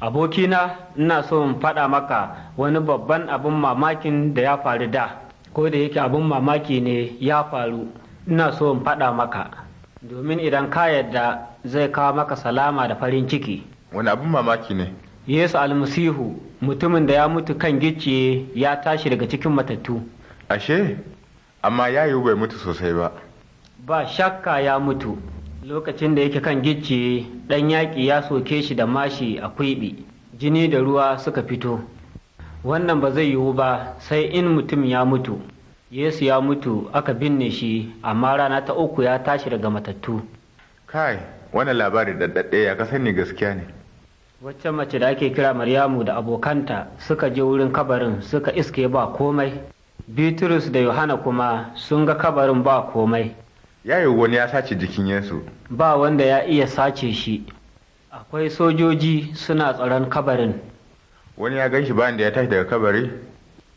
abokina ina so in faɗa maka wani babban abin mamakin da ya faru da ko da yake abin mamaki ne ya faru ina so in faɗa maka domin idan ka yadda zai kawo maka salama da farin ciki wani abin mamaki ne yesu almasihu mutumin da ya mutu kan gicciye ya tashi daga cikin matattu ashe amma ya yiwu bai mutu sosai ba ba shakka ya mutu lokacin da yake kan gicciye ɗan yaƙi ya soke shi da mashi a kwiɓi jini da ruwa suka fito wannan ba zai yiwu ba sai in mutum ya mutu yesu ya mutu aka binne shi amma rana ta uku ya tashi daga matattu kai wannan labari daɗe ya kasan ne gaskiya ne wacce mace da ake kira maryamu da abokanta suka je wurin kabarin suka iske ba komai bitrus da yohana kuma sun ga kabarin ba komai ya yi wani ya sace jikin Yesu. Ba wanda ya iya sace shi, akwai sojoji suna tsaron kabarin. Wani ya gan shi bayan da ya tashi daga kabari?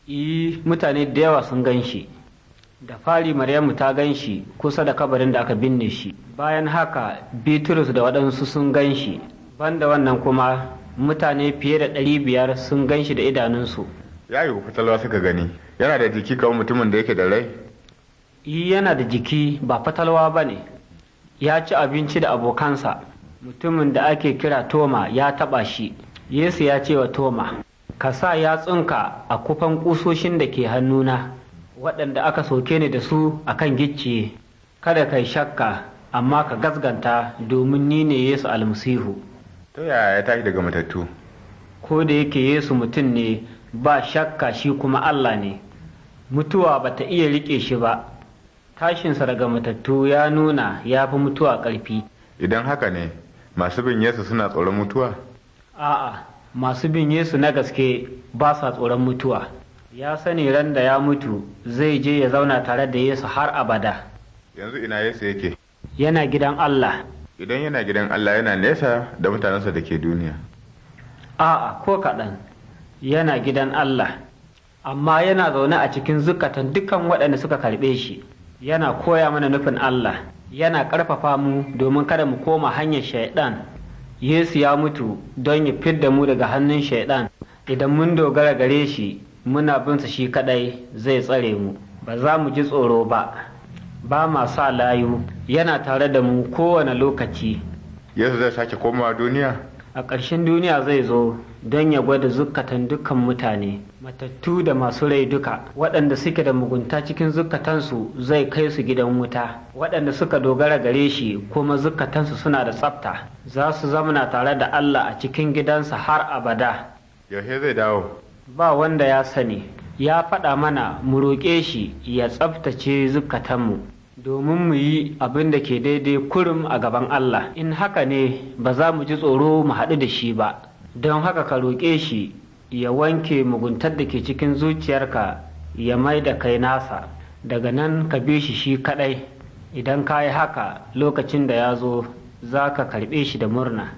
Iyi, e, mutane da yawa sun gan shi. Da fari Maryamu ta gan shi kusa da kabarin da aka binne shi. Bayan haka Bitrus da waɗansu sun gan shi. Banda wannan kuma mutane fiye da ɗari biyar sun gan shi da idanunsu. Ya yi suka gani, yana da jiki kawai mutumin da yake da rai? yana da jiki ba fatalwa ba ne ya ci abinci da abokansa mutumin da ake kira toma ya taɓa shi yesu ya ce wa toma ka sa yatsunka a kufan ƙusoshin da ke hannuna waɗanda aka soke ni da su a kan gicciye kada ka shakka amma ka gasganta domin ni ne yesu almasihu to yaya ya tashi daga matattu ko da yake yesu mutum ne ba shakka shi kuma allah ne mutuwa ba ta iya riƙe shi ba tashinsa daga matattu ya nuna ya fi mutuwa ƙarfi idan haka ne masu bin yesu suna tsoron mutuwa a'a masu bin yesu na gaske ba sa tsoron mutuwa ya sani ran da ya mutu zai je ya zauna tare da yesu har abada yanzu ina yesu yake yana gidan allah idan yana gidan allah yana nesa da mutanensa da ke duniya a'a ko kaɗan yana gidan allah amma yana zaune a cikin zukatan dukkan waɗanda suka karɓe shi yana koya mana nufin Allah yana ƙarfafa mu domin kada mu koma hanyar shaiɗan Yesu ya mutu don ya fidda mu daga hannun shaiɗan idan mun dogara gare shi muna binsa shi kaɗai zai tsare mu ba za mu ji tsoro ba ba ma sa layu yana tare da mu kowane lokaci Yesu zai sake komawa duniya a ƙarshen duniya zai zo don ya gwada zukatan dukkan mutane matattu da masu rai duka waɗanda suke da mugunta cikin zukatansu zai kai su gidan wuta waɗanda suka dogara gare shi kuma zukatansu suna da tsafta za su zamana tare da Allah a cikin gidansa har abada yaushe zai dawo ba wanda ya sani ya faɗa mana mu roƙe shi ya tsaftace zukatanmu domin mu yi abin da ke daidai kurum a gaban Allah in haka ne ba za mu ji tsoro mu haɗu da shi ba don haka ka roƙe shi ya wanke muguntar da ke cikin zuciyarka ya mai da kai nasa daga nan ka bi shi shi kaɗai idan ka yi haka lokacin da ya zo za ka karɓe shi da murna